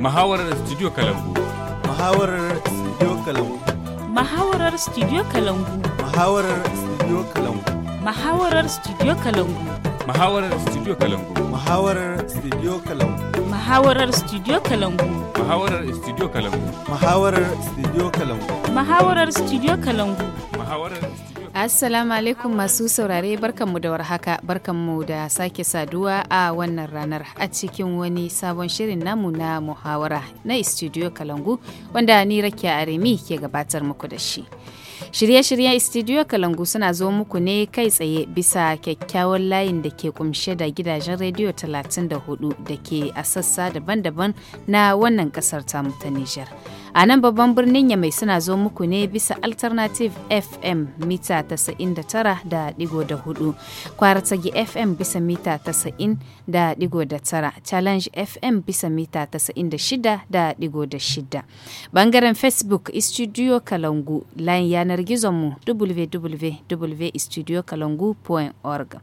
Mahawarar Studio Kalangu. Mahawarar Studio Kalangu. Mahawarar Studio Kalangu. Mahawarar Studio Kalangu. Mahawarar Studio Kalangu. Mahawarar Studio Kalangu. Mahawarar Studio Kalangu. Mahawarar Studio Kalangu. Mahawarar Studio Kalangu. Mahawarar Studio Kalangu. Mahawarar Studio Kalangu. studio kalangu. Assalamu alaikum masu saurare barkanmu da warhaka barkanmu da sake saduwa a wannan ranar a cikin wani sabon shirin namu na muhawara na studio Kalangu wanda ni Rakiya Aremi ke gabatar muku da shi. Shirye-shiryen Studio Kalangu suna zo muku ne kai tsaye bisa kyakkyawan layin da ke kumshe da gidajen rediyo 34 da ke a sassa daban-daban na wannan kasar tamu ta Nijar. A nan babban birnin Yamai suna zo muku ne bisa Alternative FM mita 99.4, Kwaratagi FM bisa mita 90.9, Challenge FM bisa mita 96.6. Bangaren Facebook Studio Kalangu layin yanar yanar gizonmu www.studiokalangu.org.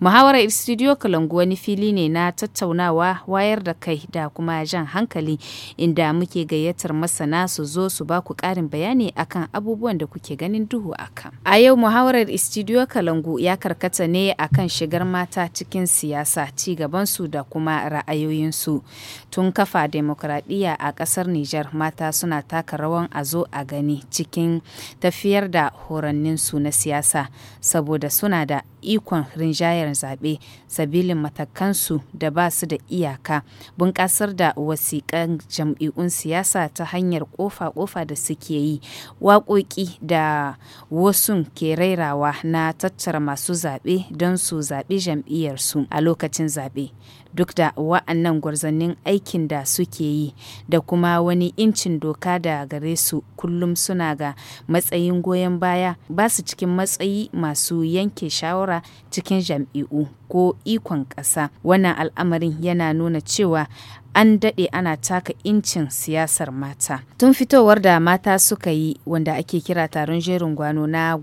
Muhawarar Studio Kalangu wani fili ne na tattaunawa wayar da kai da kuma jan hankali inda muke gayyatar masana su zo su ba ku ƙarin bayani akan abubuwan da kuke ganin duhu akan. A yau muhawarar Studio Kalangu ya karkata ne akan shigar mata cikin siyasa ci gabansu da kuma ra'ayoyinsu. Tun kafa demokradiyya a ƙasar Nijar mata suna taka rawan a zo a gani cikin tafiyar tafiyar da horanninsu na siyasa saboda suna da ikon rinjayar zaɓe sabilin matakansu da ba su da iyaka bunƙasar da wasiƙan jam'i'un siyasa ta hanyar ƙofa-ƙofa da suke yi waƙoƙi da wasu ke rairawa na tattara masu zaɓe don su zaɓi jam'iyyarsu a lokacin zaɓe duk da wa'annan gwarzannin aikin da suke yi da kuma wani incin doka da gare su kullum suna ga matsayin goyon baya ba su cikin matsayi masu yanke shawara cikin jam'i'u ko ikon ƙasa wannan al'amarin yana nuna cewa an daɗe ana taka incin siyasar mata. Tun fitowar da mata suka yi wanda ake kira taron jerin gwano na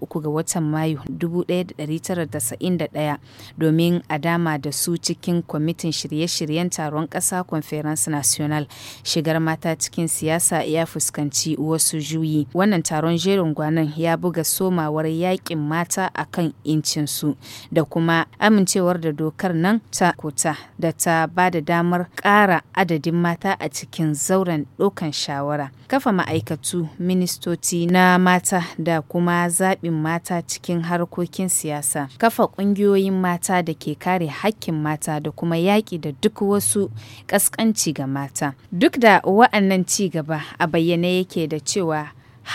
uku ga watan Mayu 1991 domin a dama da su cikin kwamitin shirye-shiryen taron ƙasa Conference National. Shigar mata cikin siyasa ya fuskanci wasu juyi. Wannan taron jerin gwanon ya buga somawar yaƙin mata a kan incinsu da kuma amincewar da dokar nan ta kuta da ta ba da damar ƙara ƙara adadin mata a cikin zauren ɗaukan shawara, kafa ma'aikatu, ministoci na mata da kuma zaɓin mata cikin harkokin siyasa, kafa ƙungiyoyin mata da ke kare hakkin mata da kuma yaƙi da duk wasu ƙasƙanci ga mata. Duk da wa'annan ci gaba a bayyane yake da cewa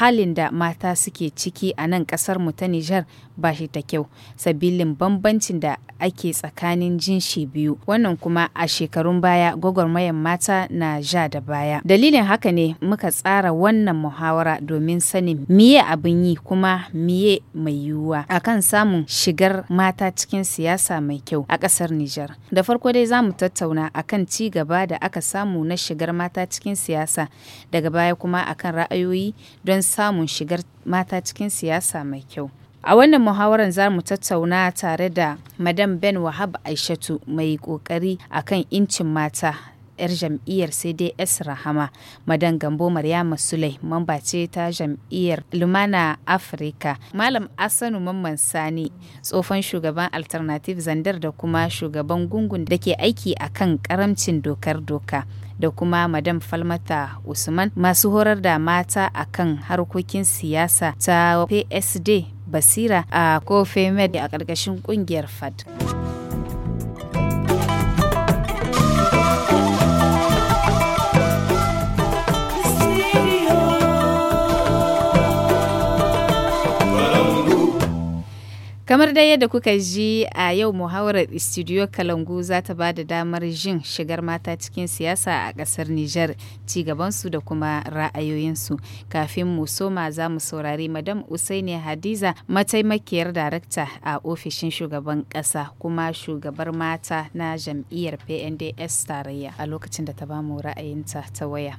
halin da mata suke ciki a nan ƙasar mu ta Nijar ba shi ta kyau, sabilin bambancin da ake tsakanin jinshi biyu wannan kuma a shekarun baya gwagwarmayar mata na ja da baya dalilin haka ne muka tsara wannan muhawara domin sanin miye abin yi kuma miye mai yiwuwa akan samun shigar mata cikin siyasa mai kyau a ƙasar Nijar da farko dai za mu tattauna akan ci gaba da aka samu na shigar mata cikin siyasa daga baya kuma akan ra'ayoyi don samun shigar mata cikin siyasa mai kyau A wannan muhawarar za mu tattauna tare da Madam Ben Wahab Aishatu mai kokari kan incin mata 'yar jam'iyyar CDS Rahama. Madam Gambo Maryama Sulai mamba ce ta jam'iyyar Lumana Afirka. Malam Asanu Mamman Sani tsofan shugaban Alternative Zandar da kuma shugaban gungun da ke aiki a kan karamcin dokar doka. Da kuma Madam Falmata Usman masu horar da mata a kan harkokin siyasa ta PSD basira a ah, kofe med a ƙarƙashin ƙungiyar fad Kamar dai yadda kuka ji a yau muhawarar Studio Kalangu za ta ba da damar jin shigar mata cikin siyasa a ƙasar Nijar, cigabansu da kuma ra'ayoyinsu. Kafin mu soma za mu saurari Madam Usaini Hadiza mataimakiyar darakta a ofishin shugaban ƙasa kuma shugabar mata na jam'iyyar PNDS tarayya a lokacin da ta ba mu ra'ayinta ta waya.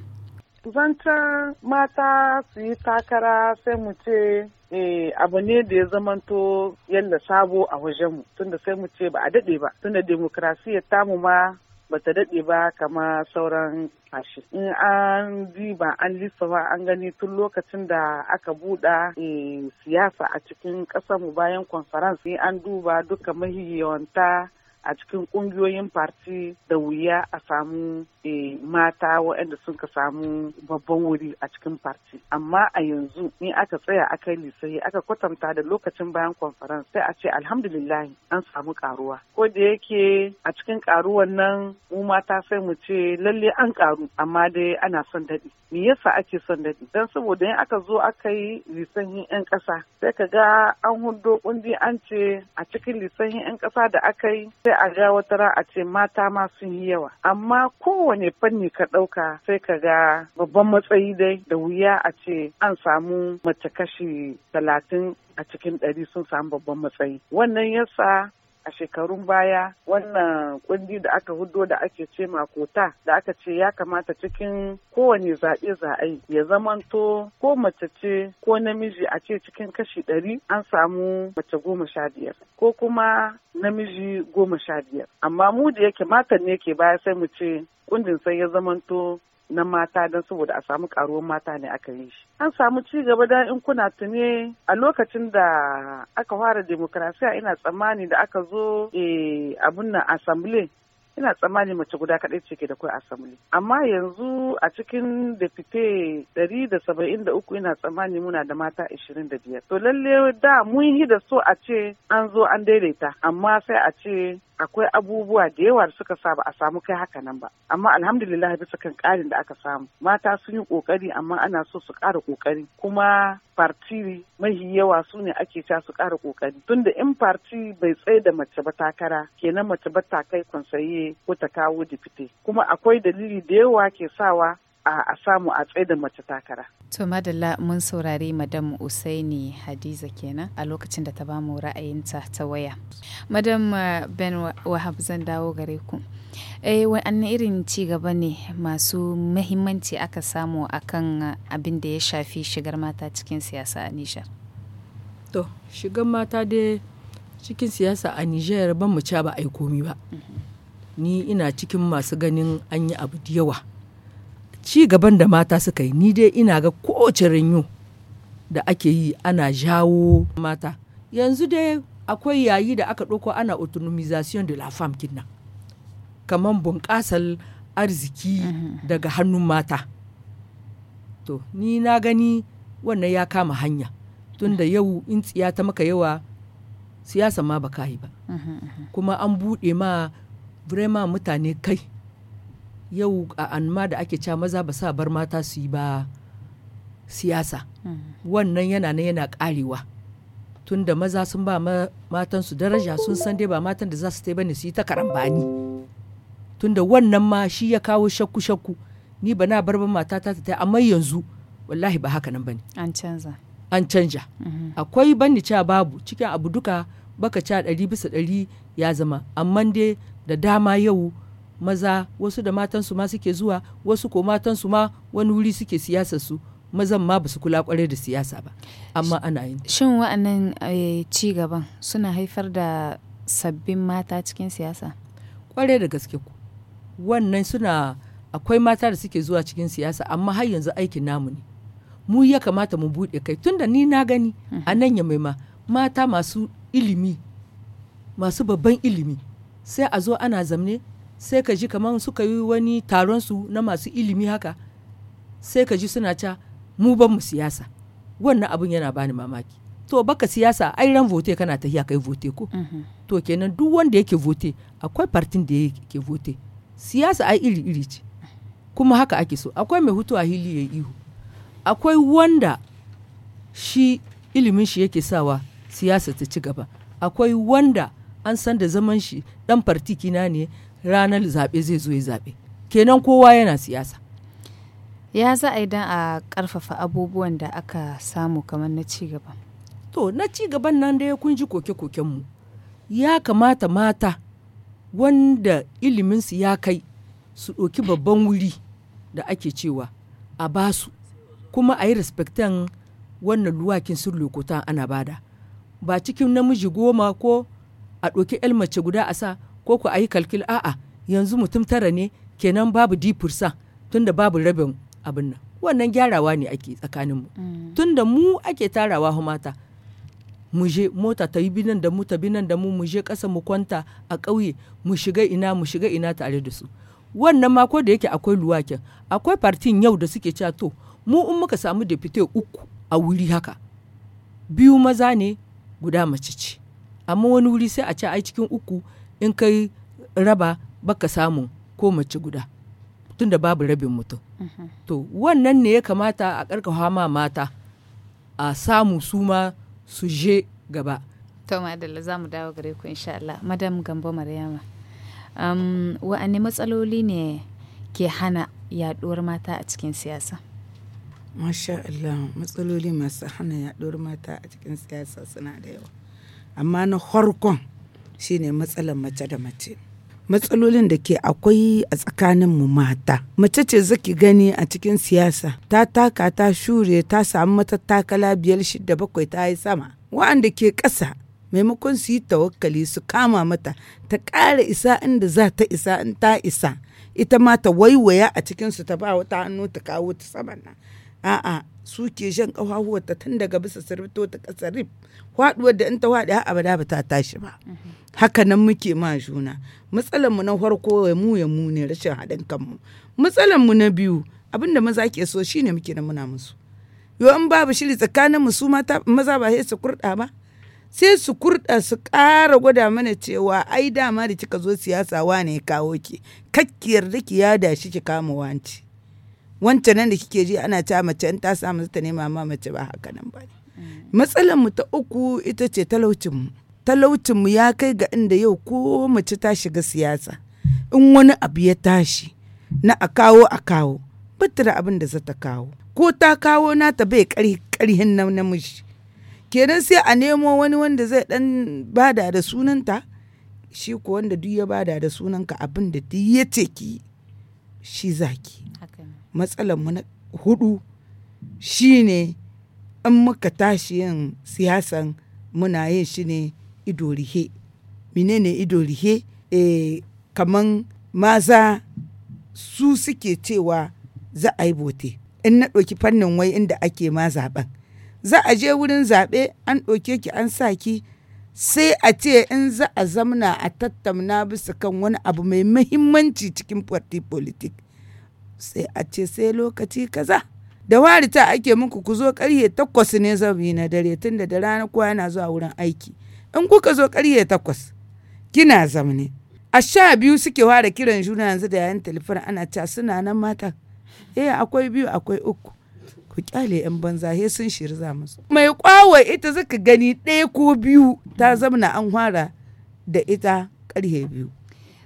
Zantar mata su yi takara sai mu ce eh abu ne da ya zamanto yalla sabo a wajenmu tunda sai mu ce ba a daɗe ba tunda demokrasiyyar tamu ma ba ta daɗe ba kama sauran fashi. In an ba an lissafa an gani tun lokacin da aka buɗa eh, siyasa a cikin ƙasarmu bayan conference an duba duka mahiyawanta a cikin kungiyoyin farti da wuya a samu eh, mata waɗanda suka samu babban wuri a cikin farti amma a yanzu in aka tsaya aka lisai aka kwatanta da lokacin bayan conference sai a ce alhamdulillah an samu karuwa ko da yake a cikin karuwan nan mu mata sai mu ce lalle an karu amma dai ana son dadi. me yasa ake son dadi? dan saboda in aka zo aka yi lisanin yan ƙasa sai ka ga an hundo kundi an ce a cikin lisanin yan ƙasa da aka yi sai a ga wata ra a ce mata ma sun yi yawa amma kowane fanni ka ɗauka sai ka ga babban matsayi dai da wuya a ce an samu mace kashi talatin a cikin ɗari sun samu babban matsayi wannan yasa a shekarun baya wannan kundi da aka hudo da ake ce makota da aka ce ya kamata cikin kowane zaɓe za'ai ya zamanto ko mace ce ko namiji a ce cikin kashi ɗari an samu mace goma sha biyar ko kuma namiji goma sha biyar amma mu da yake matan ne ke baya sai mu ce kundin sai ya zamanto na mata don saboda a samu karuwan mata ne aka yi shi. An samu ci gaba da in kuna tune a lokacin da aka fara demokrasiya ina tsammani da aka zo eh, abun nan assembly ina tsammani mace guda kaɗai ce ke da kai asamli amma yanzu a cikin da fite ɗari da saba'in da uku ina tsammani muna da mata ishirin da biyar to lalle da mun yi da so a ce an zo an daidaita amma sai a ce akwai abubuwa da yawa da suka sa ba a samu kai haka nan ba amma alhamdulillah bisa kan ƙarin da aka samu mata sun yi ƙoƙari amma ana so su ƙara ƙoƙari kuma farti mahi yawa su ne ake ta su ƙara ƙoƙari tunda in farti bai tsaye da mace ba takara kenan mace ba ta kai saye ko ta kawo dipite kuma akwai dalili da yawa ke sawa a samu a tsaye da mace takara. To madalla mun saurari madam Usaini Hadiza kenan a lokacin da ta bamu ra'ayinta ta waya. Madam uh, Ben Wahab zan dawo gare ku. Eh wani irin ci gaba ne masu mahimmanci aka samu akan uh, abin da ya shafi shigar mata cikin siyasa a Nijar. To shigar mata dai cikin siyasa a Nijar ban mu ba a yi komi ba. Mhm. Ni ina cikin masu ganin an yi abu da yawa. ci gaban da mata suka yi ni dai ina ga kowace rinyo da ake yi ana jawo mata yanzu dai akwai yayi da aka ɗauko ana autonomization de la femme kinna kamar bunƙasar arziki daga hannun mata to ni na gani wannan ya kama hanya tunda yau in tsiya ta maka yawa siyasa ma ba kayi ba kuma an buɗe ma vraiment mutane kai yau a anma da ake cewa maza ba sa bar mata su yi ba siyasa mm. wannan yana nan yana karewa tun da maza sun ba matan su daraja sun san dai ba matan da za su ta bane su yi ta karambani tun da wannan ma shi ya kawo shakku shakku ni ba na bar ba mata ta amma yanzu wallahi ba haka nan bane an canza an canja mm-hmm. akwai banni cewa babu cikin abu duka baka ca ɗari bisa ɗari ya zama amma dai da dama yau maza wasu da matansu ma suke zuwa wasu ko matansu ma wani wuri suke siyasar su mazan ma basu kula kwarai da siyasa ba amma ana yin shin wa'annan eh, ci gaban suna haifar da sabbin mata cikin siyasa kwarai da gaske ku wannan suna akwai mata da suke zuwa cikin siyasa amma har yanzu aikin namu ne mu ya kamata mu buɗe kai tunda ni na gani mhm. a nan ya maima mata masu ilimi masu babban ilimi sai a zo ana zamne sai ka ji kamar suka yi wani taron su na masu ilimi haka sai ka ji suna ca mu ban mu siyasa wannan abun yana bani mamaki to baka siyasa ai ran vote kana ta tahiya kai vote ko mhm. to kenan duk wanda yake vote akwai partin da yake vote siyasa ai iri iri ce kuma haka ake so akwai mai hutu a hili ya ihu akwai wanda shi ilimin shi yake sawa siyasa ta ci gaba akwai wanda an san da zaman shi dan na ne ranar zaɓe zai zo ya zaɓe kenan kowa yana siyasa ya za a idan a ƙarfafa abubuwan da aka samu kamar na cigaba to na cigaban nan da ya kunji koke mu. ya kamata mata wanda iliminsu ya kai su ɗoki babban wuri da ake cewa a basu kuma a yi respectan wannan luwakin sun lokuta ana bada ba cikin namiji goma ko a ɗoki mace guda a sa ko ku ayi kalkil a'a yanzu mutum tara ne kenan babu dipursa tunda babu rabin abin nan wannan gyarawa ne ake tsakaninmu mm. tunda mu ake tarawa mata mu je mota ta yi binan da mu ta binan da mu mu je ƙasa mu kwanta a ƙauye mu shiga ina mu shiga ina tare da su wannan ma ko da yake akwai luwakin akwai partin yau da suke cewa to mu in muka samu depute uku a wuri haka biyu maza ne guda mace ce amma wani wuri sai a ce ai cikin uku in kai raba baka samu ko mace guda tunda babu rabin mutum to wannan ne ya kamata a karkawa ma mata a samu su ma su je gaba to madalla za mu dawo gare ku insha Allah madam gambo maryama um, wa'anne matsaloli ne ke hana yaduwar mata a cikin siyasa masha Allah matsaloli masu hana yaduwar mata a cikin siyasa suna da yawa amma na horkon shine matsalar mace da mace matsalolin da ke akwai a tsakanin mu mata mace ce zaki gani a cikin siyasa ta taka ta shure ta samu matattakala biyar shida bakwai ta yi sama wa'anda ke ƙasa maimakon su yi tawakkali su kama mata ta ƙara isa inda za ta isa in ta isa ita ma ta waiwaya a cikinsu ta ba wata hannu ta kawo ta saman nan a'a su ke jan ta tun daga bisa sirfito ta ƙasar rif faɗuwar da in ta faɗi har abada ba ta tashi ba haka nan muke ma juna matsalar mu na farko ya mu ya mu ne rashin haɗin kanmu matsalar mu na biyu abin da maza ke so shine muke na muna musu Yau in babu shiri tsakanin mu su mata maza ba sai su kurɗa ba sai su kurɗa su ƙara gwada mana cewa ai dama da kika zo siyasa wane ya kawo ki kakkiyar da ki yada shi ki kama wanci wancan nan da kike ji ana ta mace in ta samu ta nema ma mace ba haka nan ba matsalar mu ta uku ita ce talaucin mu talaucin mu ya kai ga inda yau ko mace ta shiga siyasa in wani abu ya tashi na a kawo a kawo battara abin da za ta kawo ko ta kawo na ta bai karhin na namiji kenan sai a nemo wani wanda zai dan bada da sunanta shi ko wanda duk ya bada da sunanka abin da duk ya ce ki shi zaki matsalar mu na hudu shine in muka tashi yin siyasan muna yin shi ne ido rihe menene ido rihe e, kaman maza su suke cewa za a yi bote in na ɗauki fannin wai inda ake ma zaɓen za a je wurin zaɓe an ɗauke ki an sa ki sai a ce in za a zamna a tattamna bisa kan wani abu mai mahimmanci cikin party politik sai a ce sai lokaci kaza da wari ta ake muku ku zo karye takwas ne zabi na dare tun da rana kowa yana zuwa wurin aiki in kuka zo karye takwas kina zamne a sha biyu suke ware kiran juna yanzu da yayin talifar ana ca suna nan mata. eh akwai biyu akwai uku ku kyale yan banza he sun za musu mai kwawa ita zaka gani ɗaya ko biyu ta zamna an hwara da ita karhe biyu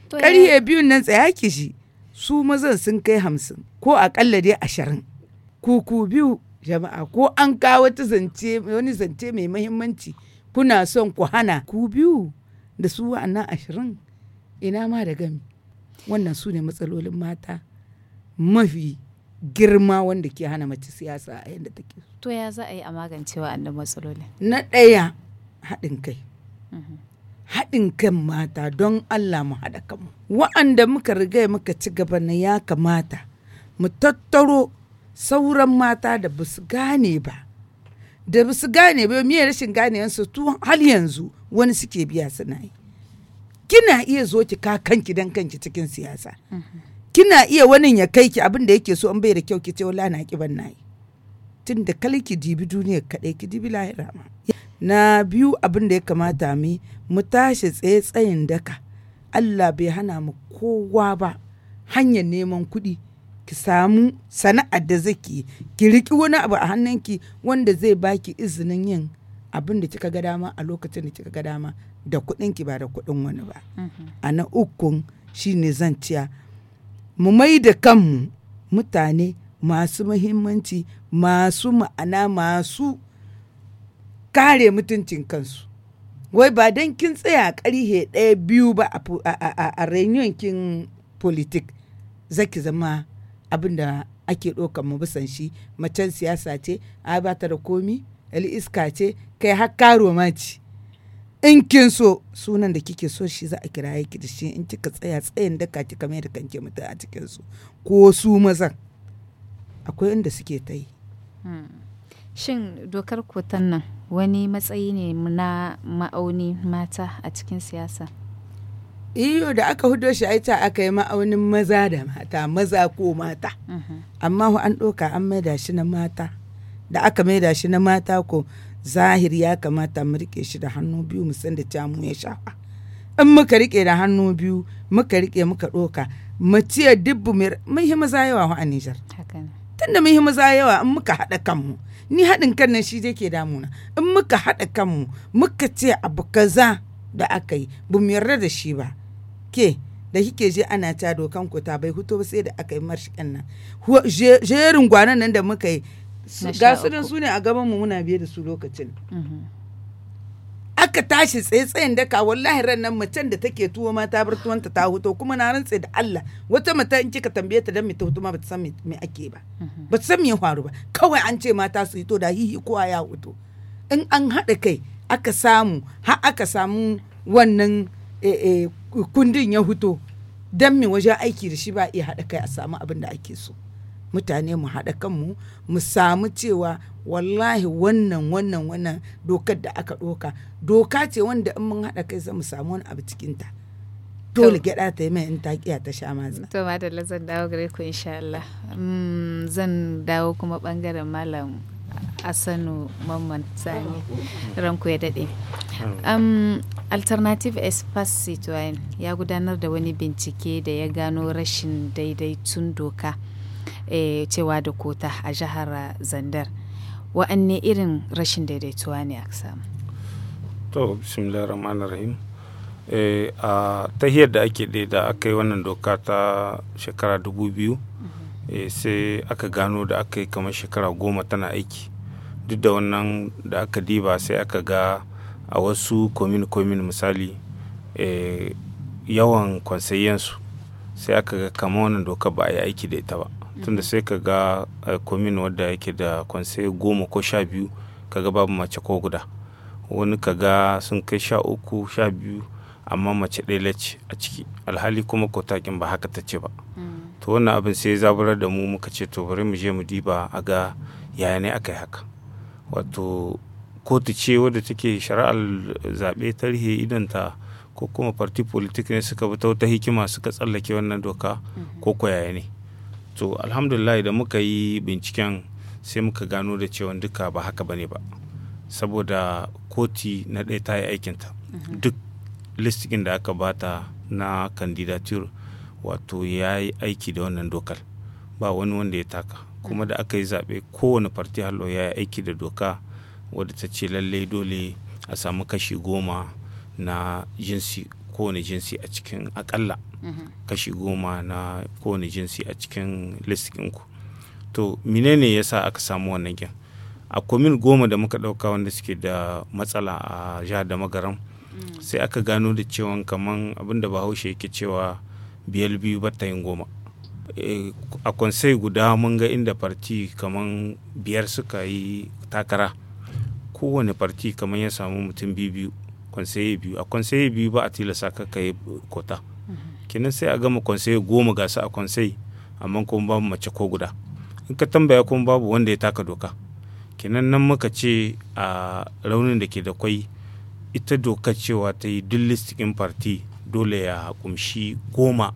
karhe biyun nan tsaya ki shi su mazan sun kai hamsin ko akalla dai ashirin kuku biyu jama'a ko an kawo wani zance mai mahimmanci kuna son ku hana ku biyu da su wa'annan ashirin ina ma da gami wannan su ne matsalolin mata mafi girma wanda ke hana mace siyasa a yadda take to ya za a yi a magance wa'annan matsalolin na ɗaya haɗin kai mhm. haɗin kan mata don allah mu haɗa kanmu waɗanda muka riga muka ci gaba na ya kamata mu tattaro sauran mata da ba su gane ba da ba su gane ba miye rashin gane ganewansu tu har yanzu wani suke biya suna yi kina iya zo ki ka kanki dan kanki cikin siyasa kina iya wani ya kai ki abin da yake so an bai da kyau ki ce wala na ki ban yi tun da dibi duniya kadai ki dibi lahira na biyu abin da ya kamata mu mu tashi tsaye tsayin daka Allah bai hana mu kowa ba hanyar neman kuɗi ki samu sana'ar da zaki ki riki wani abu a hannunki wanda zai baki izinin yin abin da kika ga dama a lokacin da kika ga dama da kuɗinki ki ba da kuɗin wani ba mm-hmm. a na ukun zan zanciya mu mai da kanmu mutane masu muhimmanci masu ma'ana masu kare mutuncin kansu wai ba don kin tsaya ƙarhe ɗaya biyu ba a reunion kin politik zaki zama abin da ake ɗaukar mu bisan shi macen siyasa ce a ba ta da komi ali iska ce kai har karo ma ce in kin so sunan da kike so shi za a kira ki da shi in kika tsaya tsayin daka kika mai da kanke mutum a cikin su ko su mazan akwai inda suke ta yi hmm. Shin dokar kotan nan wani matsayi ne na ma'auni mata a cikin siyasa? iyo da aka hudo shi aita aka yi ma'aunin maza da mata maza ko mata mhm. amma an ɗoka an maida shi na mata da aka maida shi na mata ko zahiri ya kamata mu rike shi da hannu biyu mu san da camu ya shafa in muka rike da hannu biyu muka rike muka ɗoka mace dubu mai maza yawa a Nijar tunda mun maza yawa in muka haɗa kanmu ni haɗin kan nan shi zai ke damuna in muka haɗa kanmu muka ce abu kaza da aka yi ba mu yarda da shi ba ke da kike je ana ta dokan ku ta bai huto ba sai da aka yi marshi nan jerin gwanan nan da muka yi ga su ne a gaban mu muna biye da su lokacin mhm. aka tashi tsaye-tsayen daka wallahi ran nan macen da take tuwo ma ta bar tuwanta ta huto kuma na rantse da Allah wata mata in kika tambaye ta dan me ta huto ma bata san me ake ba mhm. bata san me faru ba kawai an ce mata su hito da hihi kowa ya huto in an haɗa kai aka samu har aka samu wannan eh, eh, kundin ya huto dan me wajen aiki da shi ba iya haɗa kai a samu abin da ake so mutane mu haɗa kanmu mu samu cewa wallahi wannan wannan wannan dokar da aka ɗoka doka ce wanda in mun haɗa kai za mu samu wani abu cikinta dole gyaɗa ta yi mai in taƙiya ta sha maza. to madalla zan dawo gare ku insha Allah mm, zan dawo kuma ɓangaren malam asanu mamman sani ranku ya daɗe alternative espace citoyen ya gudanar da wani bincike da ya gano rashin daidaitun doka eh, cewa da kota a jihar zandar wa'anne irin rashin daidaituwa ne a samu To, bismillah rahman rahim. Eh, a tahiyar da ake ɗaya da aka yi wannan doka ta shekara dubu biyu mhm. eh, sai aka gano da aka yi kamar shekara goma tana aiki duk da wannan da aka diba sai aka ga a wasu komin-komin misali eh, yawan kwansayensu sai aka ga kama wannan doka ba a yi aiki da ita ba tunda mhm. sai ka ga komin wadda yake da kwansaye goma ko sha biyu ka ga babu mace ko guda. wani kaga sun kai sha uku sha biyu amma mace ɗaya lace a ciki alhali kuma kotakin ba haka ta ce ba mm. to wannan abin sai zaburar da mu muka ce to bari mu je mu diba a ga yaya ne aka yi haka wato kotu ce wadda take shari'ar zaɓe tarihi idanta ko kuma farti politik ne suka bi ta wata hikima suka tsallake wannan doka mm-hmm. ko ko yaya ne to alhamdulillah da muka yi binciken sai muka gano da cewa duka ba haka bane ba saboda koti na ɗaya ta yi aikinta mhm. duk listikin da aka bata na candidature wato ya yi aiki da wannan dokar ba wani wanda ya taka kuma da aka yi zaɓe kowane farti hallo ya yi aiki da doka wadda ta ce lallai dole a samu kashi goma na jinsi kowane jinsi a cikin akalla mhm. kashi goma na kowane jinsi a cikin listikinku to menene ya sa aka samu wannan gyan a komin goma da muka ɗauka wanda suke da matsala a jihar da magaram sai aka gano da cewa kaman abinda bahaushe yake cewa biyar biyu batta yin goma eh, a konsai guda mun ga inda farti kaman biyar suka yi takara kowane farti kaman ya samu mutum biyu biyu konsai biyu a konsai biyu ba a tilasa ka kai kota kenan sai a gama konsai goma gasa a konsai amma kuma babu mace ko guda in ka tambaya kuma babu wanda ya taka doka kenan nan muka ce a raunin da ke da kwai ita doka cewa ta yi dillistikin farti dole ya kumshi goma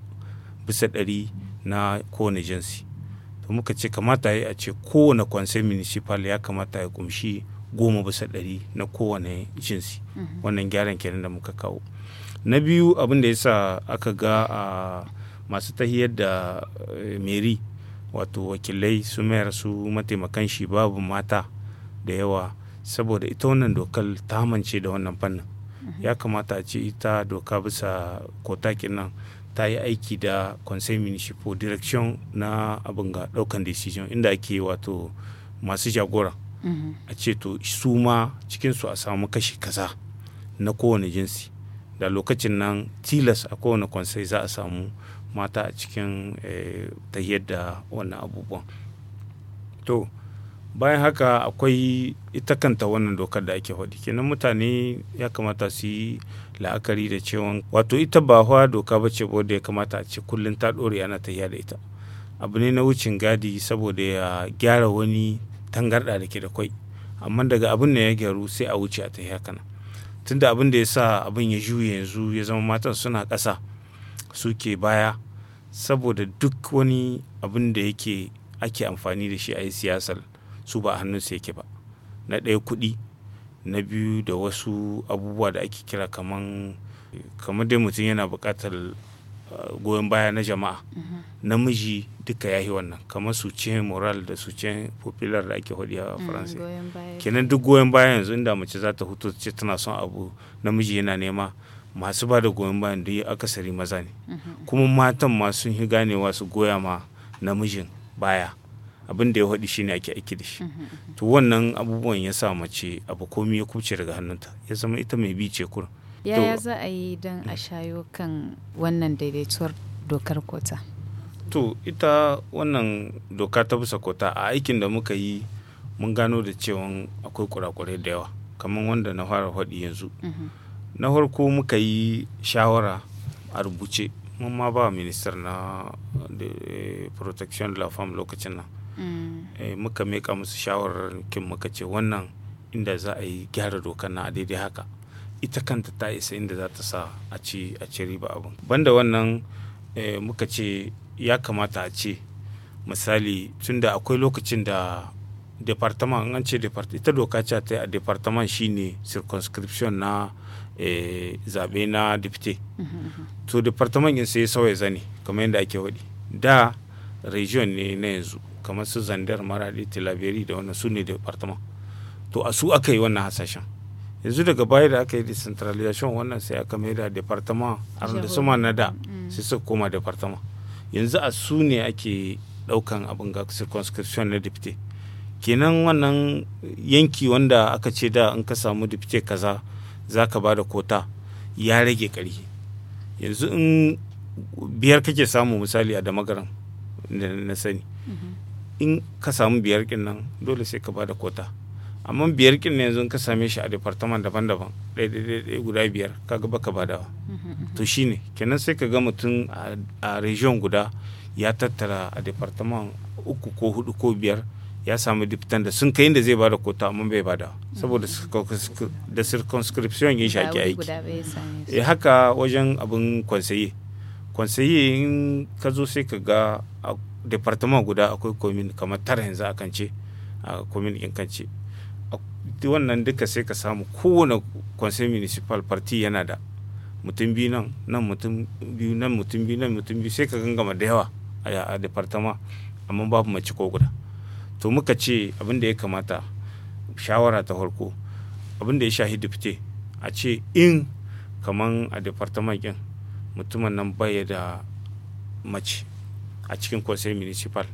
bisa ɗari na kowane jinsi to muka ce kamata ya a ce kowane kwanse municipal ya kamata ya kumshi goma bisa ɗari na kowane jinsi mhm. wannan gyaran kenan da muka kawo na biyu abin da yasa aka ga a masu tahiyar da eh, meri wato wakilai su mayar su mataimakan shi babu mata da yawa saboda ita wannan dokar ta hamance da wannan fannin ya kamata a ce ita doka bisa kotakin nan ta yi aiki da ministry for direction na abin ga daukan decision inda ake wato masu jagora mhm. a ce to su ma cikinsu a samu kashi kaza na kowane jinsi da lokacin nan tilas a kowane konsai za a samu mata a cikin eh, ta yadda wannan abubuwan to bayan haka akwai ita kanta wannan dokar da ake faɗi kenan mutane ya kamata su yi la'akari da cewa wato ita ba hawa doka ba ce da ya kamata a ce kullum ta ɗore ana tafiya da ita abu ne na wucin gadi saboda ya gyara wani tangarɗa da ke da kwai amma daga abin da ya gyaru sai a wuce a tafiya kana tunda abin da ya sa abin ya juye yanzu ya zama matan suna ƙasa suke baya saboda duk wani abin da yake ake amfani da shi a yi siyasar su ba a hannunsu yake ba na ɗaya kuɗi na biyu da wasu abubuwa da ake kira kaman kamar dai mutum yana buƙatar ah, goyon baya na jama'a mm-hmm. namiji duka yahi wannan kamar su ce moral da su ce popular da ake hudu a mm, faransa kenan duk goyon baya yanzu inda mace za ta hutu ce tana son abu namiji yana nema masu ba da goyon bayan da akasari maza ne mm-hmm. kuma matan masu sun ne wasu su goya ma namijin baya abin da ya haɗi shine ake aiki da shi mhm, mhm. to wannan abubuwan ya sa mace abu komi ya kubce daga hannunta ya zama ita mai bi ce kur yaya za a yi don a shayo kan wannan daidaituwar dokar kota to ita wannan doka ta bisa kota a aikin da muka yi mun gano da cewa akwai kurakurai da yawa kamar wanda na fara faɗi yanzu mhm. na farko muka yi shawara a rubuce mun ma ba ministar na eh, protection la femme lokacin nan Eh, muka mika musu shawararkin muka ce wannan inda za a yi gyara dokar na a daidai haka ita kanta ta isa inda za ta sa a ci a ci riba abin banda wannan eh, muka ce ya kamata a ce misali tunda akwai lokacin da departement an ce ita doka ce ta a departement shine circumscription na eh, zaɓe na dipte to departement yin sai sauya zane kamar yadda ake waɗi da region ne na yanzu kamar su zandar maradi tilaberi da wannan su ne departement to a su aka yi wannan hasashen yanzu daga baya da aka yi decentralization wannan sai aka mai da departement suma na da sai suka koma departement yanzu a su ne ake daukan abin ga circumscription na deputy kenan wannan yanki wanda aka ce da in ka samu deputy kaza za ka ba da kota ya rage ƙarfi yanzu in biyar kake samu misali a damagaran na sani in ka samu biyar kin nan dole sai ka bada kota amma biyar kin ne yanzu ka same shi a departament daban-daban ɗaya guda biyar kaga baka badawa mm-hmm, mm-hmm. to shine kenan sai ka ga mutum a region guda ya tattara a departament uku ko hudu ko biyar ya samu diptan da sun kai da zai bada kota amma bai bada saboda mm-hmm. da circumscription yin shaki aiki e haka wajen abin kwansaye kwansaye in ka zo sai ka ga departement guda akwai komin kamar tara yanzu a kance a komin ɗin kance wannan duka sai ka samu kowane conseil municipal party yana da mutum biyu nan nan mutum biyu nan mutum biyu nan mutum biyu sai ka gangama da yawa a Departement. amma babu mace ko guda to muka ce abin da ya kamata shawara ta farko abin da ya shahi dipte a ce in kaman a Departement ɗin mutumin nan baya da mace a cikin conseil municipal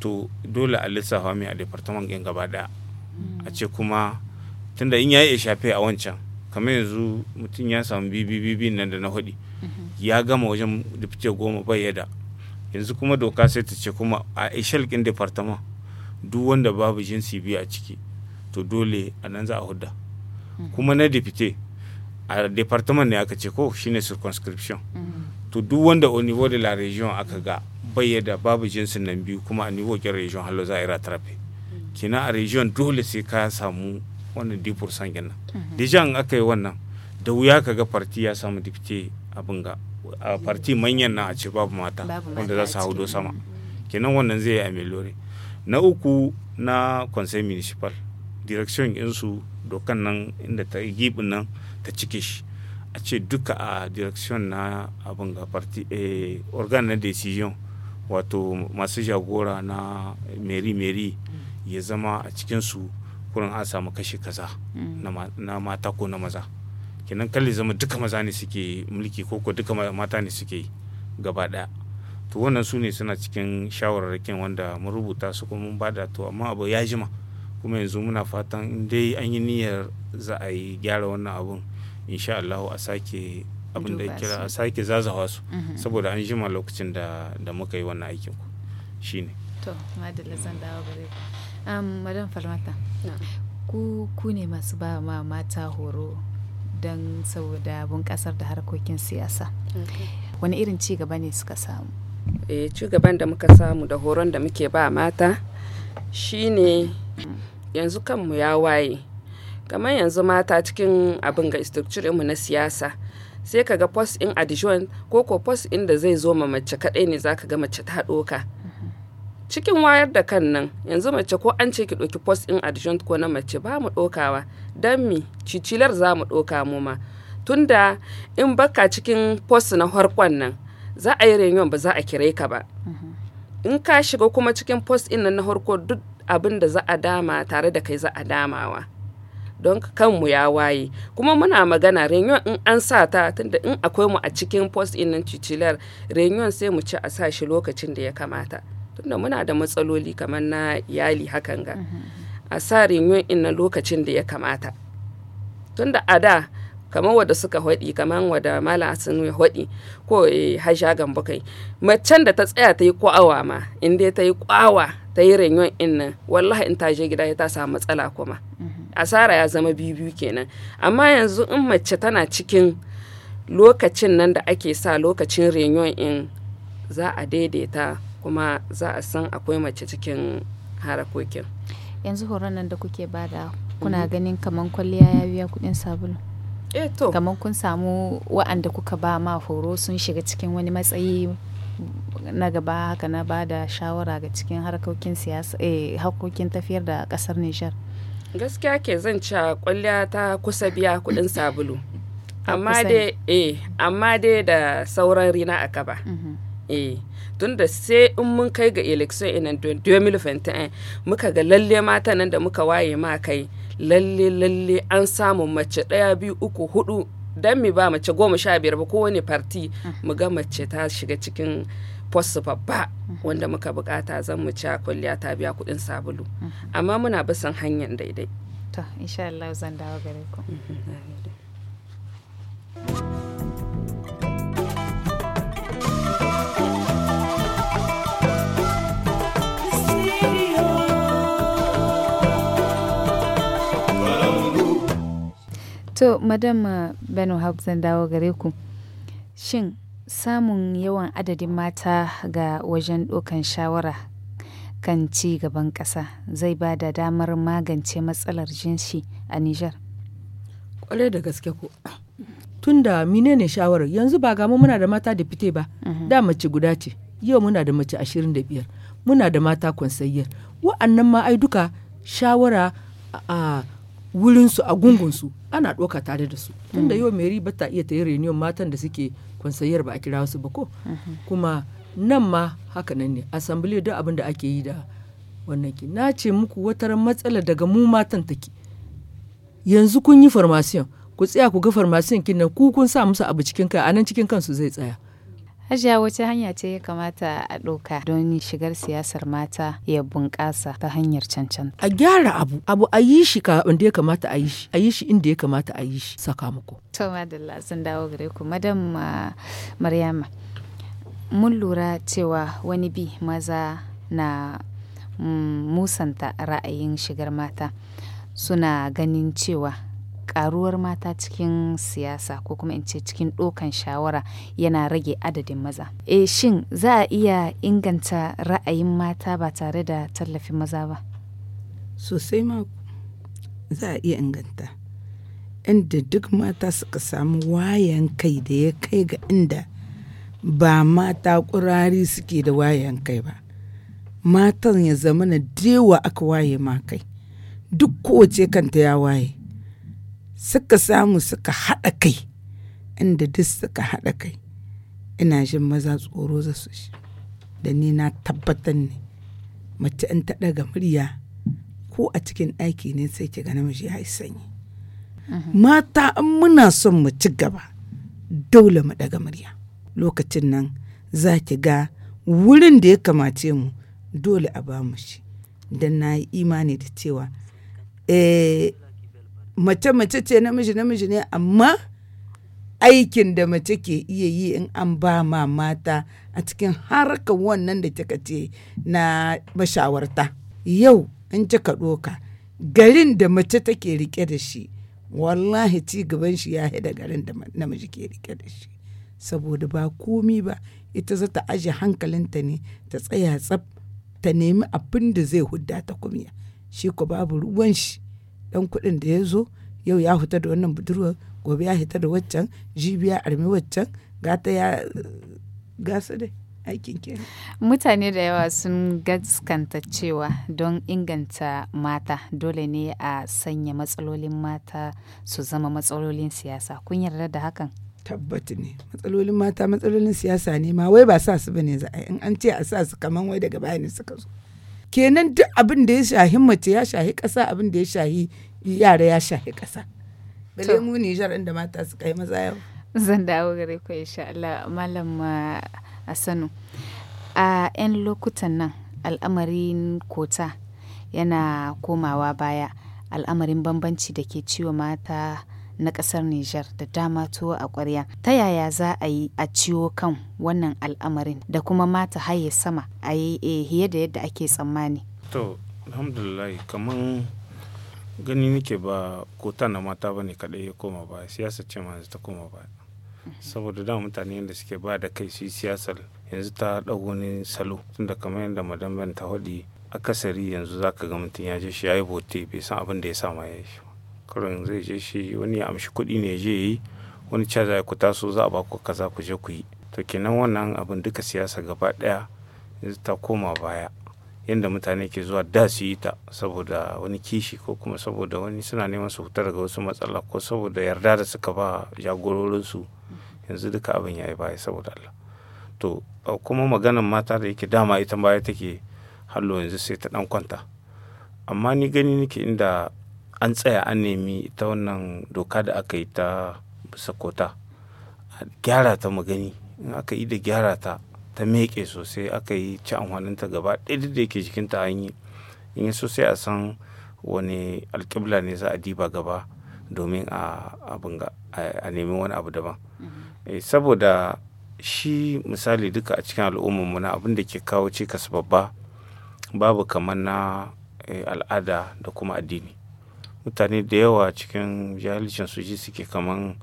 to dole a lissafa mai a department ɗin gaba ɗaya a ce kuma tunda in ya yayi shafe a wancan kamar yanzu mutum ya samu bibi nan da na hudu ya gama wajen dubce goma bai da yanzu kuma doka sai ta ce kuma a ishalkin department duk wanda babu jinsi biyu a ciki to dole a nan za a hudda kuma na dipite a department ne aka ce ko shine circumscription to duk wanda au niveau de la region aka ga bayyada babu jinsin nan biyu kuma a niveau kin region hallo za a yi kina a region dole sai ka samu wannan dipur sangin nan mhm. deja an aka yi wannan da wuya ka ga parti ya samu député abin ga a parti manyan na a ce babu mata wanda za su hudo sama kenan wannan zai yi a melore na uku na conseil municipal direction insu dokan nan inda ta gibin nan ta cike shi a ce duka a direction na abin ga parti eh, organ na decision wato masu jagora na meri-meri mm. ya zama a cikinsu kurin an samu kashe kaza mm. na mata ko na maza kenan kalli zama duka maza ne suke mulki ko ko duka mata ne suke gaba daya to wannan su ne suna cikin shawararrakin wanda mun rubuta su kuma mun bada to amma abu ya jima kuma yanzu muna fatan in dai an yi niyyar za a yi gyara wannan abun insha Allah a sake abin da kira a sake zazawa su mhm. saboda an jima lokacin da da muka yi wannan aikin ku shine to madalla zan dawo gare ku um madam farmata ku ku ne masu ba ma mata horo don saboda bunƙasar da harkokin siyasa wani irin ci gaba ne suka samu eh ci gaban da muka samu da horon da muke ba mata shine mm. yanzu kanmu ya waye kamar yanzu mata cikin abin ga mu na siyasa sai ka ga post in adjoint ko ko post in da zai zo ma mace kadai ne zaka ga mace ta doka cikin wayar da kan nan yanzu mace ko an ce ki ɗauki post in adjoint ko na mace ba mu ɗokawa don mi cicilar za mu ɗoka mu ma tunda in baka cikin post na harkon nan za a yi reunion ba za a kire ka ba in ka shiga kuma cikin post in nan na harko duk abin da za a dama tare da kai za a damawa don kanmu ya waye kuma muna magana reunion in an sa ta tunda in akwai mu a cikin post in nan titular reunion sai mu ci a sa shi lokacin da ya kamata tunda muna da matsaloli kamar na iyali hakan ga mm-hmm. a sa reunion in na lokacin da ya kamata tunda a da kamar wadda suka haɗi kamar wadda mala sun haɗi ko eh, hasha gamba macen da ta tsaya ta yi kwawa ma in dai ta yi kwawa ta yi reunion in nan wallahi in ta je gida ta samu matsala kuma mm-hmm. asara ya zama biyu kenan amma yanzu in mace tana cikin lokacin nan da ake sa lokacin reunion in za a daidaita kuma za a san akwai mace cikin harakokin yanzu horon nan da kuke bada kuna mm-hmm. ganin kaman kwalliya ya biya kudin sabulu eh kamar kun samu wa'anda kuka ba ma horo sun shiga cikin wani matsayi na gaba haka na bada shawara ga cikin harkokin siyasa eh harkokin tafiyar da kasar Nijar gaskiya ke zan ci kwalliya ta kusa biya kudin sabulu amma dai eh amma dai da sauran rina a gaba mhm. eh tun da sai in mun kai ga election in 2021 eh, muka ga lalle mata nan da muka waye ma kai lalle lalle an samu mace daya biyu uku hudu dan mi ba mace goma sha biyar ba kowane parti mm. mu ga mace ta shiga cikin fosu babba mhm. wanda muka bukata zan mu ci kwalliya ta biya kuɗin sabulu mhm. amma muna bisan hanyar daidai to insha Allah zan dawo gare ku mhm, To, madam uh, Benu zan dawo gare ku. Shin, Samun yawan adadin mata ga wajen ɗaukan shawara kan ci gaban ƙasa zai ba da damar magance matsalar jinsi a Nijar. Kwarai da gaske ko. Tunda menene shawarar yanzu ba gama muna da mata da fite ba, mhm. da mace guda ce, yau muna da mace ashirin da biyar, muna da mata konsayyar. Wa'annan ma ai duka shawara a wurinsu a gungunsu ana ɗoka tare da su mm. tunda yau mary ba ta iya ta yi reniyon matan da suke kwansayyar ba a kira su ba ko mm-hmm. kuma nan ma haka nan ne assembly da abin da ake yi da wannan ki na ce muku wata matsala daga mu matan take yanzu kun yi farmasiyan ku tsaya ku ga farmasiyan kin nan ku kun sa musu abu cikin kai nan cikin kansu zai tsaya Hajiya wace hanya ce ya kamata a ɗauka don shigar siyasar mata ya bunƙasa ta hanyar cancan A gyara abu, abu a yi shi wanda ya kamata a yi shi, a yi shi inda ya kamata a yi shi sakamako. To madalla sun dawo gare ku, madam ah, Maryama. Mun lura cewa wani bi maza na mm, musanta ra'ayin shigar mata suna ganin cewa karuwar mata cikin siyasa ko kuma in ce cikin ɗokan shawara yana rage adadin maza. E shin za a iya inganta ra'ayin mata ba tare da tallafin maza ba? Sosai ma za a iya inganta. Inda duk mata suka samu wayan kai da ya kai ga inda ba mata kurari suke da wayan kai ba. Matan ya zama na dewa aka waye ma kai. Duk kowace kanta ya waye. suka samu suka haɗa kai inda duk suka haɗa kai ina jin maza tsoro za su shi da ni na tabbatar ne mace in ta ɗaga murya ko a cikin ɗaki ne sai ki ga namiji ya yi sanyi mhm. mata in muna son mu ci gaba dole mu ɗaga murya lokacin nan za ki ga wurin da ya kamace mu dole a ba mu shi don na yi imani da cewa eh mace mace ce namiji namiji ne amma aikin da mace ke iya yi in an ba ma mata a cikin harkar wannan da kika ce na mashawarta yau in kika ɗoka garin da mace take rike da shi wallahi ci gaban shi ya da garin da namiji ke rike da shi saboda ba komi ba ita za ta aje hankalinta ne ta tsaya tsab ta nemi abin da zai hudda ta kumiya shi ko babu ruwan shi Ɗan kuɗin da ya zo yau ya fita da wannan budurwar gobe ya fita da waccan jibi ya armi waccan gata ya gasa dai aikin ke mutane da yawa sun gaskanta cewa don inganta mata dole ne a sanya matsalolin mata su zama matsalolin siyasa kun yarda da hakan tabbata ne matsalolin mata matsalolin siyasa ne ma wai ba sa su bane za a in an ce a sa su kaman wai daga baya suka zo kenan duk abin da ya shahi mace ya shahi ƙasa abin da ya shahi yara ya shahi ƙasa bale mu Nijar inda mata su kai maza yau zan dawo gare ku insha Allah malam uh, Asanu a 'yan lokutan nan al'amarin kota yana komawa baya al'amarin bambanci da ke ciwo mata na ƙasar Nijar da dama tuwo a ƙwarya. Ta yaya za a yi a ciwo kan wannan al'amarin da kuma mata haye sama a yi hiye eh, da yadda ake tsammani? To, alhamdulillah kamar gani nake ba kota na mata ba ne kaɗai ya koma ba siyasa ce ma ta koma ba saboda da mutane yadda suke ba da kai su siyasar yanzu ta ɗago ne salo tunda kamar yadda madam ta a akasari yanzu zaka ga mutum ya je shi ya yi bote bai san abin da ya sa ma ya shi kurin zai je shi wani ya amshi kuɗi ne je yi wani caza ku taso za a ba ku kaza ku je ku yi to kenan wannan abin duka siyasa gaba ɗaya ta koma baya yadda mutane ke zuwa da su yi ta saboda wani kishi ko kuma saboda wani suna neman su fita daga wasu matsala ko saboda yarda da suka ba jagororinsu yanzu duka abin ya yi baya saboda Allah to kuma maganan mata da yake dama ita baya take hallo yanzu sai ta dan kwanta amma ni gani nake inda an tsaya an nemi ta wannan doka da aka yi ta bisa kota gyara ta magani in aka yi da gyara ta ta meke sosai aka yi ci amfaninta gaba ɗaya da yake jikinta an yi in sosai a san wani alƙibla ne za a diba gaba domin a nemi wani abu daban mm-hmm. eh, saboda shi misali duka a cikin al'ummanmu na abin da ke kawo cikas babba babu kamar na eh, al'ada da kuma addini mutane da yawa cikin jahilcin su ji suke kaman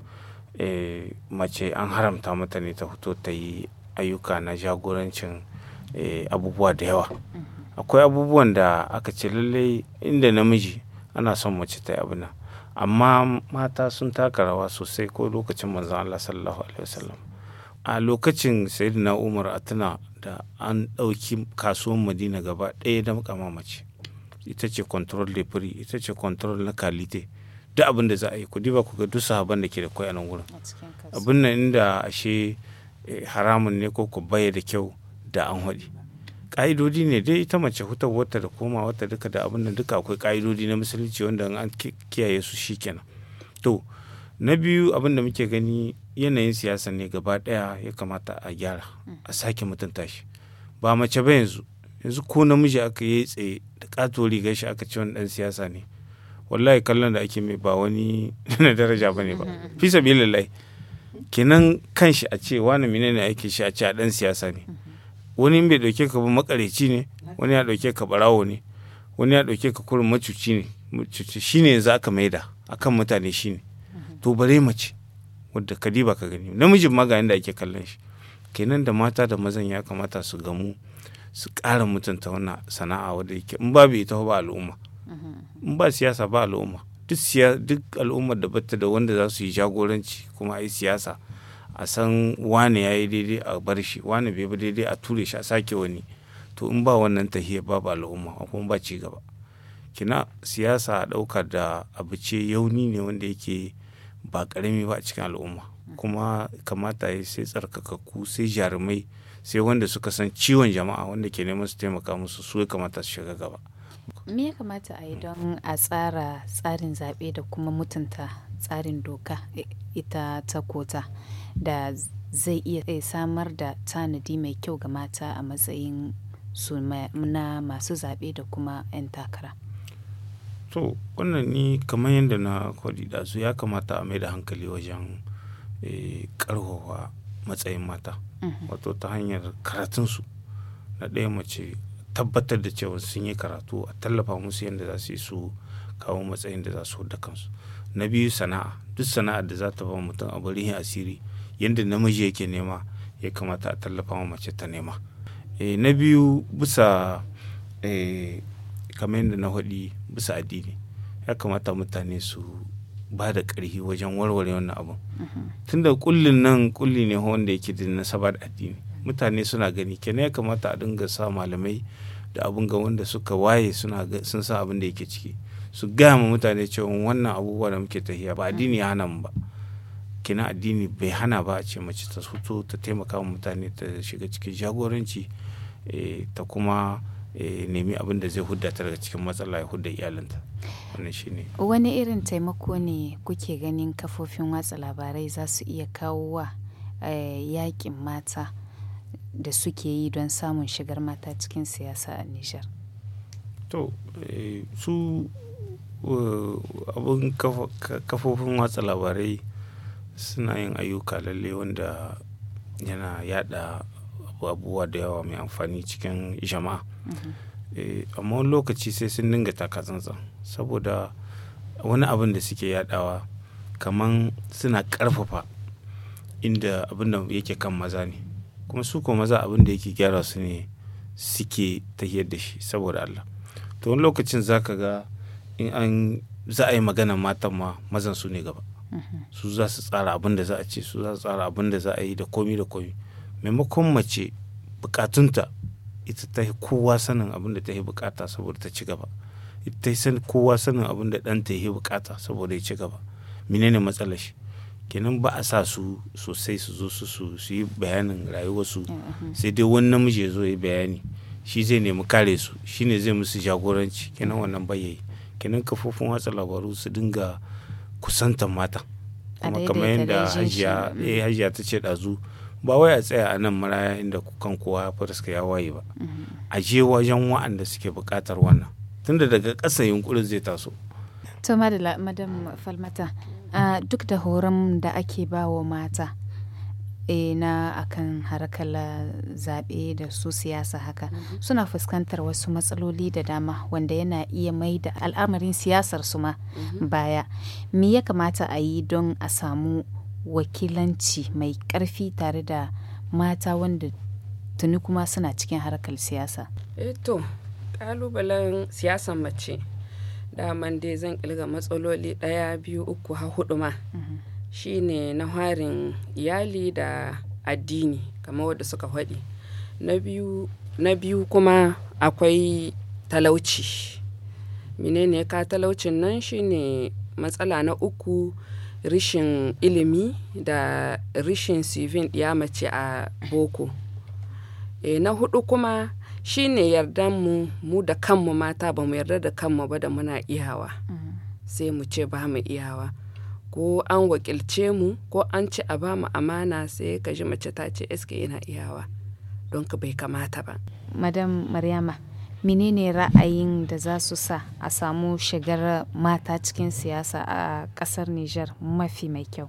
eh, mace an haramta mutane ta fito ta yi ayyuka na jagorancin eh, abubuwa da yawa mm-hmm. akwai abubuwan da aka ce lallai inda namiji ana son mace ta yi abu nan amma mata sun taka rawa sosai ko lokacin manzon Allah sallallahu alaihi wasallam a lokacin sayyidina Umar a tuna da an ɗauki kasuwan Madina gaba ɗaya da mace ita ce control de prix ita ce control na kalite duk abin da za a yi ku diba ku ga duk sahaban da ke da kwai a nan wurin abin nan inda ashe eh, haramun ne ko ku baya da kyau da an haɗi ƙa'idodi ne dai ita mace hutar wata da koma wata duka da abin da duka akwai kaidodi na musulunci wanda an kiyaye su shikenan to na biyu abin da muke gani yanayin siyasa ne gaba ɗaya ya kamata a gyara a sake mutunta shi ba mace ba yanzu yanzu ko namiji aka yi tsaye ƙato riga shi aka ce wani ɗan siyasa ne wallahi kallon da ake mai ba wani na daraja ba ne ba fi lallai kenan kanshi a ce wani ne ake shi a ce a ɗan siyasa ne wani bai ɗauke ka ba makareci ne wani ya ɗauke ka barawo ne wani ya ɗauke ka kurin macuci ne shi ne za ka maida akan mutane shi ne to bare mace wadda kadiba ka gani namijin maganin da ake kallon shi kenan da mata da mazan ya kamata su gamu su ƙara mutunta wannan sana'a wadda yake in babu ita ba al'umma mm-hmm. in ba siyasa ba al'umma duk duk al'ummar da bata da wanda za su yi jagoranci kuma a siyasa a san wane ya yi daidai a bar shi wane bai ba daidai a ture shi a sake wani to in ba wannan tahiya babu al'umma kuma ba ci gaba kina siyasa a ɗauka da abu ce yauni ne wanda yake ba ƙarami ba a cikin al'umma mm-hmm. kuma kamata ya sai tsarkakakku sai jarumai sai wanda suka san ciwon jama'a wanda ke neman su taimaka musu su ya kamata su shiga gaba me ya kamata a yi don a tsara tsarin zaɓe da kuma mutunta tsarin doka e, ita ta kota da zai iya e, samar da tanadi mai kyau ga mata a matsayin su na masu zaɓe da kuma 'yan takara to wannan ni kamar yadda na kwaɗi ɗazu ya kamata a mai da hankali wajen karhowa e, matsayin mata mhm. wato ta hanyar karatunsu na ɗaya mace tabbatar da cewa sun yi karatu a tallafa musu yadda za su yi su kawo matsayin da za su da kansu na biyu sana'a duk sana'a da za ta ba mutum a asiri yadda namiji yake nema ya kamata a tallafa wa mace ta nema eh, na biyu bisa eh, kamar yadda na haɗi bisa addini ya kamata mutane su ba da ƙarfi wajen warware wannan abun mhm. tunda kullin nan kulli ne wanda yake da nasaba da addini mutane suna gani kene ya kamata a dinga sa malamai da abun ga wanda suka waye suna sun sa abin da yake ciki su gaya ma mutane cewa wannan abubuwa da muke tafiya ba addini ya hana mu ba kina addini bai hana ba a ce mace ta fito ta taimaka mutane ta shiga cikin jagoranci eh, ta kuma nemi abin da zai hudda daga cikin matsala ya hudda iyalinta wannan shine wani irin taimako ne kuke ganin kafofin watsa labarai za su iya kawo wa eh, yakin mata da suke yi don samun shigar mata cikin siyasa a nijar to eh, su eh, abin kafofin watsa labarai suna yin ayyuka lalle wanda yana yada abubuwa da yawa mai amfani cikin jama'a Eh, amma wani lokaci sai sun dinga taka zanzan saboda wani abin da suke yadawa kaman suna karfafa inda abin da yake kan maza ne kuma su ko maza abin da yake gyara su ne suke tahiyar da shi saboda Allah to wani lokacin za ka ga in an za a yi magana matan ma mazan su ne gaba su za su tsara abin da za a ce su za su tsara abin da za a yi da komi da komi maimakon mace bukatunta ita ta kowa sanin abin da ta yi bukata saboda ta ci gaba ita ta san kowa sanin abin da ɗan ta yi bukata saboda ya ci gaba menene matsalar shi kenan ba a sa su sosai su zo su su yi bayanin rayuwarsu mm-hmm. sai dai wani namiji ya zo ya bayani shi zai nemi kare su shine zai musu jagoranci kenan wannan bayayi kenan kafofin watsa labaru su dinga kusantar mata kuma kamar yadda mm. eh, hajiya ta ce ɗazu ba wai a tsaya a nan maraya inda kan kowa fuska ya waye ba a je wajen wa'anda suke buƙatar wannan tunda daga ƙasa yunkurin zai taso to madala madam falmata duk da horon da ake ba wa mata e na akan harkar zaɓe da su siyasa haka suna fuskantar wasu matsaloli da dama wanda yana iya mai da al'amarin siyasar su ma baya me ya kamata a yi don a samu wakilanci mai ƙarfi tare da mata wanda tuni kuma suna cikin harkar siyasa eto eh ƙalubalen siyasan mace daman dai zan kilga matsaloli ɗaya biyu uku har hudu ma mhm. shine na harin iyali da addini kamar wadda suka faɗi na biyu kuma akwai talauci menene ka talaucin nan shine matsala na uku rishin ilimi da rishin sivin mace a boko e, na hudu kuma shine yardan mu mu da kanmu mata ba mu yarda da kanmu ba da muna iyawa sai mu ce ba mu iyawa ko an wakilce mu ko an ci a ba mu amana sai ka ji mace ta ce eske yana iyawa don ka bai kamata ba madam maryama Menene ra'ayin da za su sa a samu shigar mata cikin siyasa a ƙasar Nijar mafi mai kyau?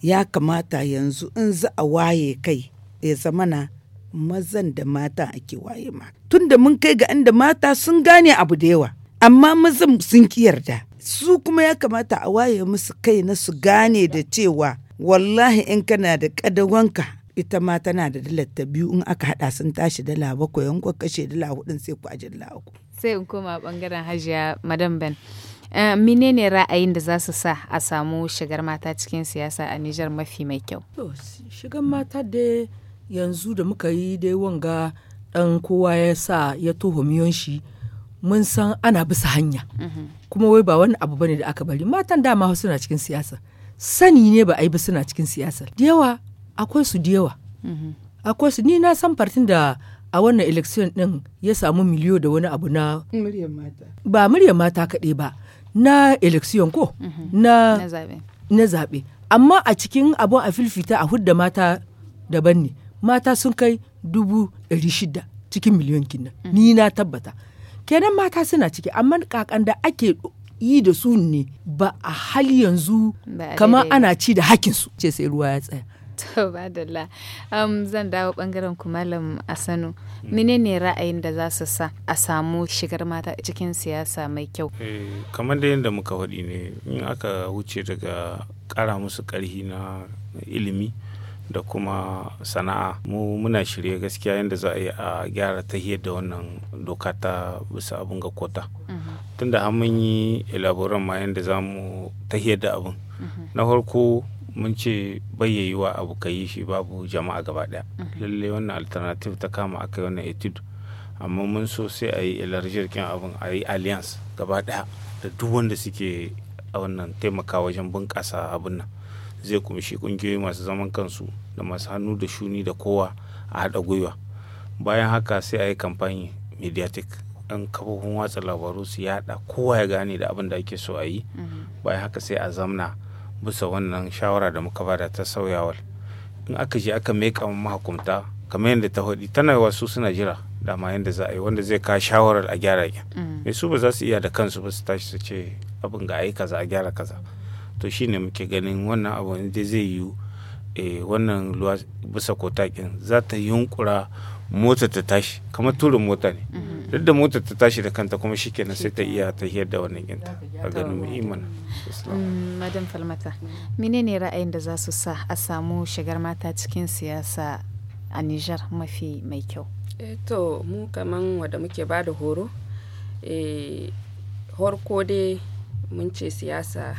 Ya kamata yanzu in za a waye kai ya zamana mazan da mata ake waye ma. Tun mun kai ga inda mata sun gane abu da yawa, amma mazan sun ki yarda. Su kuma ya kamata a waye musu kai na su gane da cewa wallahi in kana da ƙadawanka ita ma tana da dala ta biyu in aka hada sun tashi dala bakwai in kashe dala hudun sai ku ajiye dala uku sai in koma bangaren hajiya madam ben mine eh, menene ra'ayin da za su sa a samu shigar mata cikin siyasa a Nijar mafi mai kyau? Shigar mata da yanzu da muka yi dai wanga ɗan kowa ya sa ya tuhumiyon shi mun san ana bisa hanya. Mhm. Kuma wai ba wani abu bane da aka bari matan dama suna cikin siyasa. Sani ne ba a yi ba suna cikin siyasa. Da yawa akwai su da yawa mm-hmm. akwai su ni na san fartin da a wannan election din ya samu miliyo da wani abu na ba muryar mata kaɗai ba na election ko mm-hmm. na zaɓe amma a cikin abu a filfita a hudda mata daban ne mata sun kai dubu ɗari shida cikin miliyon kinan mm-hmm. ni na tabbata kenan mata suna ciki amma kakan da ake yi da su ne ba a hal yanzu kamar ana ci da hakinsu ce sai ruwa ya tsaya To la Um, zan dawo bangaren ku Malam Asanu. Menene ra'ayin da za su sa a samu shigar mata cikin siyasa mai kyau? Eh, kamar da yadda muka faɗi ne in aka wuce daga ƙara musu ƙarhi na ilimi da kuma sana'a mu muna shirye gaskiya yadda za a yi a gyara ta da wannan doka ta bisa abin ga kota mhm. tunda har mun yi elaboran ma yadda za mu tahiyar da abin mhm. na farko mun ce wa abu ka yi shi babu jama'a gaba daya mhm. lalle wannan alternative ta kama aka yi wannan etude amma mun so sai a yi elargir kin abin a yi alliance gaba daya da duk wanda suke a wannan taimaka wajen bunƙasa abin nan zai kumshi ƙungiyoyi masu zaman kansu da masu hannu da shuni da kowa a haɗa gwiwa bayan haka sai a yi kamfani mediatic ɗan kafofin watsa labaru su yaɗa kowa ya gane da abin da ake so a yi mhm. bayan haka sai a zamna bisa wannan shawara da muka bada ta sauyawar in aka je aka meka mahakumta kamar yadda ta hudi tana wasu suna jira dama yadda za a yi wanda zai ka shawarar a gyara gyan mai mm. su ba za su iya da kansu ba su tashi su ce abin ga kaza a gyara kaza to shine muke ganin wannan abu da zai yiwu eh, wannan luwa bisa kotakin za ta yunkura mota ta tashi kamar turin mota ne mm-hmm. duk da mota ta tashi da kanta kuma shikenan sai ta iya ta hiyar da wannan ginta a ganin mu imana Mm, Madam Falmata, menene ra'ayin da za su sa a samu shigar mata cikin siyasa a Nijar mafi mai kyau? Eh, to mu kaman wadda muke ba da horo, eh, horko dai mun ce siyasa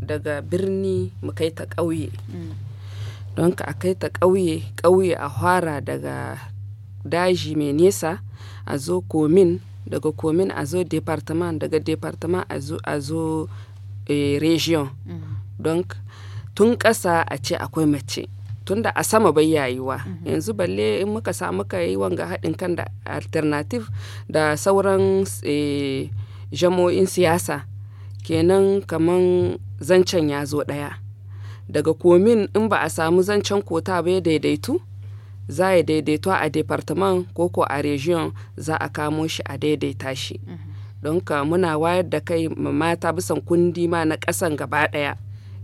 daga birni mu kai ta ƙauye. Mm. Don ka a kai ta ƙauye, ƙauye a hwara daga daji mai nesa a zo komin daga komin a zo departement daga departement a zo Eh, region mm-hmm. don tun ƙasa a ce akwai mace tunda a sama bai yayuwa mm-hmm. yanzu balle in muka samu ka yi wanga haɗin kan da alternative da sauran eh, jamo'in siyasa kenan kaman zancen ya zo ɗaya daga komin in ba a samu zancen kota bai daidaitu za ya daidaito a departement ko ko a region za a kamo shi a daidaita shi. Mm-hmm. don ka muna wayar da kai ma mata bisan kundi ma na ƙasan gaba ɗaya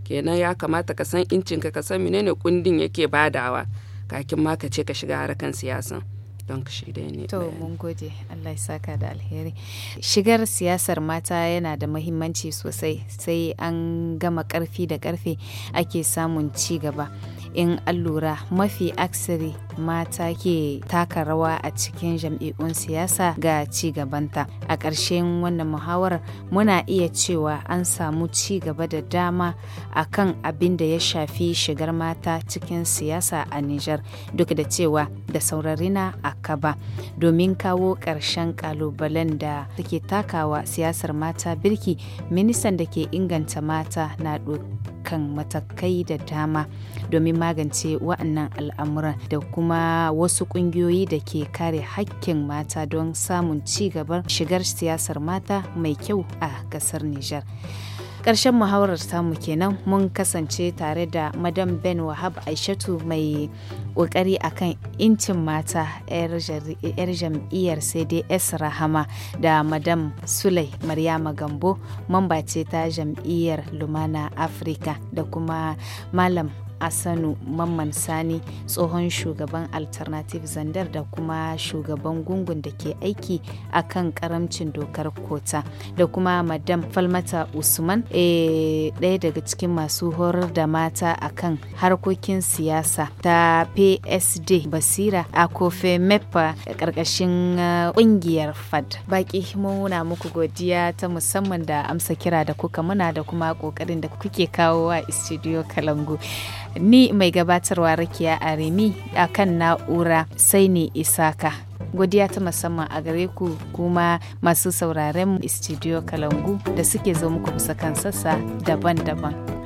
kenan ya kamata ka san incinka ka san menene kundin yake badawa kakin ma ka ce ka shiga harkan siyasan don ka shida ne to mun gode Allah ya saka da alheri shigar siyasar mata yana da muhimmanci sosai sai an gama karfi da karfe ake samun ci gaba in allura, mafi aksari mata ke taka rawa a cikin jam'i'un siyasa ga ci gabanta a ƙarshen wannan muhawarar muna iya cewa an samu ci gaba da dama a kan abin da ya shafi shigar mata cikin siyasa a Nijar duk da cewa da saurarina a kaba domin kawo ƙarshen ƙalubalen da take takawa siyasar mata birki ministan da ke inganta mata na ɗaukan matakai da dama domin magance wa'annan al'amuran da kuma wasu ƙungiyoyi da ke kare hakkin mata don samun ci gaban shigar siyasar mata mai kyau a ƙasar Nijar. ƙarshen muhawarar samu kenan mun kasance tare da madam ben wahab aishatu mai ƙoƙari akan incin mata 'yar jam'iyyar cds rahama da madam sulai maryama gambo mamba ce ta jam'iyyar lumana afirka da kuma malam asanu mamman sani tsohon shugaban alternative zandar da kuma shugaban gungun da ke aiki a kan karamcin dokar kota da kuma madam falmata usman e, ɗaya daga cikin masu horar da mata a kan harkokin siyasa ta psd basira a kofe mepa ƙarƙashin eh, ƙungiyar fad baƙi muna muku godiya ta musamman da amsa kira da kuka muna da kuma ƙoƙarin da kuke kawo a studio kalangu ni mai gabatarwa rakiya a remi a kan na'ura sai ne isaka godiya ta musamman a gare ku kuma masu sauraren studio kalangu da suke zo muku bisa kan sassa daban-daban